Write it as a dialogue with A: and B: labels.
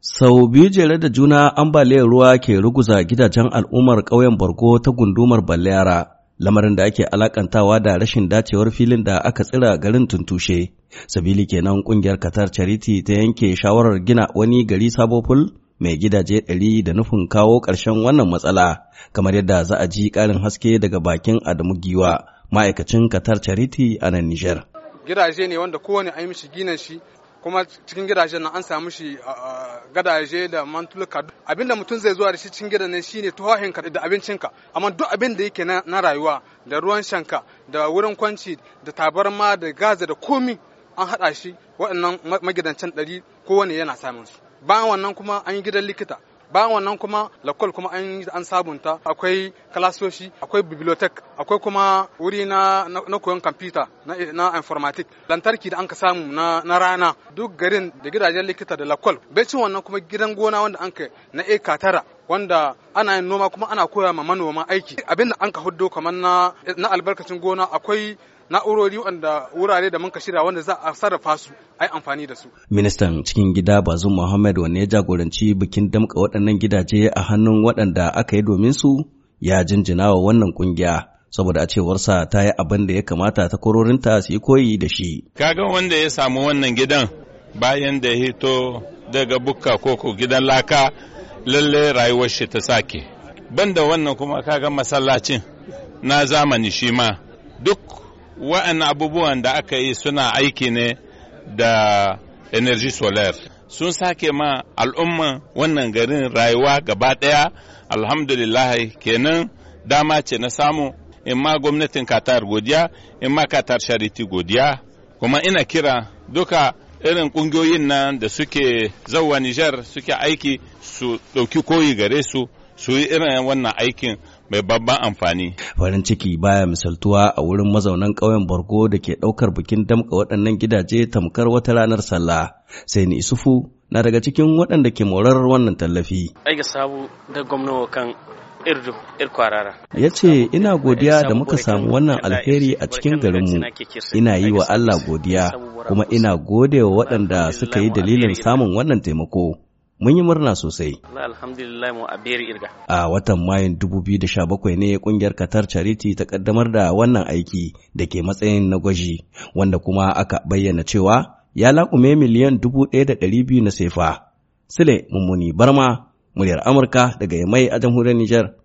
A: Sau biyu jere da juna ambaliyar ruwa ke ruguza gidajen al'ummar ƙauyen Bargo ta gundumar Baliyara, lamarin da ake alakantawa da rashin dacewar filin da aka tsira garin tuntushe. Sabili kenan ƙungiyar Qatar Charity ta yanke shawarar gina wani gari sabopul mai gidaje ɗari da nufin kawo ƙarshen wannan matsala, kamar yadda za a ji ƙarin haske daga bakin Adamu Giwa, ma'aikacin Qatar Charity a nan Nijar.
B: Gidaje ne wanda kowane an yi mishi ginin shi kuma cikin gidajen nan an samu shi gadaje da Abin abinda mutum zai zuwa da shi cikin gidan nan shine ka da abincinka amma duk abin da yake na rayuwa da ruwan shanka da wurin kwanci da tabarma da gaza da komi an haɗa shi waɗannan magidancin ɗari kowane yana samun su bayan wannan kuma an yi gidan likita bayan wannan kuma lakwal kuma an an sabunta akwai kalasoshi akwai bibliotek akwai kuma wuri na na koyon kamfuta na, na informatik lantarki da an ka samu na, na rana duk garin da gidajen likita da lakwal becin wannan kuma gidan gona wanda an ka na eka tara wanda ana yin noma kuma ana koya ma manoma aiki abinda an ka huddo kamar na albarkacin gona akwai na'urori wanda wurare da muka shirya wanda za a sarrafa su a yi amfani da su.
A: Ministan cikin gida Bazu Muhammad wanne ya jagoranci bikin damka waɗannan gidaje a hannun waɗanda aka yi domin su ya jinjina wa wannan kungiya saboda a cewarsa ta yi abin da ya kamata ta kororinta su yi koyi da shi.
C: Kaga wanda ya samu wannan gidan bayan da ya hito daga bukka koko gidan laka lalle rayuwar shi ta sake. Banda wannan kuma kaga masallacin na zamani shi ma wa'annan abubuwan da aka yi suna aiki ne da energy solar sun sake ma al'umma wannan garin rayuwa gaba ɗaya alhamdulillah kenan dama ce na samu in ma gwamnatin katar godiya in ma katar shariti godiya kuma ina kira duka irin ƙungiyoyin nan da suke zauwa nijar suke aiki su ɗauki koyi gare su su yi irin wannan aikin mai babban amfani.
A: Farin ciki baya misaltuwa a wurin mazaunan ƙauyen Borgo da ke ɗaukar bikin damƙa waɗannan gidaje tamkar wata ranar sallah. Sai ni Isufu na daga cikin waɗanda ke morar wannan tallafi. Aiki sabu da gwamnawa kan irdu Ya ce ina godiya da muka samu wannan alheri a cikin garinmu. Ina yi wa Allah godiya kuma ina gode wa waɗanda suka yi dalilin samun wannan taimako. mun yi murna sosai. Alhamdulillah mu abiyar irga. A watan Mayun 2017 ne kungiyar Qatar Charity ta kaddamar da wannan aiki da ke matsayin na gwaji wanda kuma aka bayyana cewa ya laƙume miliyan 1,200 na sefa. Sule Mummuni Barma, muryar Amurka daga Yamai a jamhuriyar Nijar.